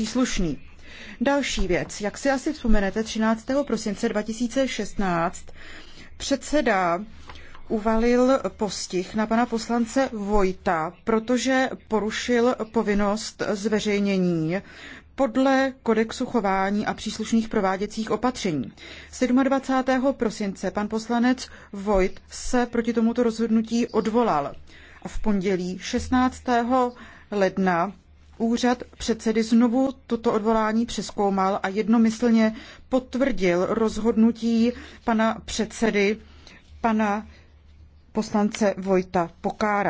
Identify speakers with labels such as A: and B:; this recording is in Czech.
A: příslušný. Další věc. Jak si asi vzpomenete, 13. prosince 2016 předseda uvalil postih na pana poslance Vojta, protože porušil povinnost zveřejnění podle kodexu chování a příslušných prováděcích opatření. 27. prosince pan poslanec Vojt se proti tomuto rozhodnutí odvolal a v pondělí 16. ledna Úřad předsedy znovu toto odvolání přeskoumal a jednomyslně potvrdil rozhodnutí pana předsedy, pana poslance Vojta Pokára.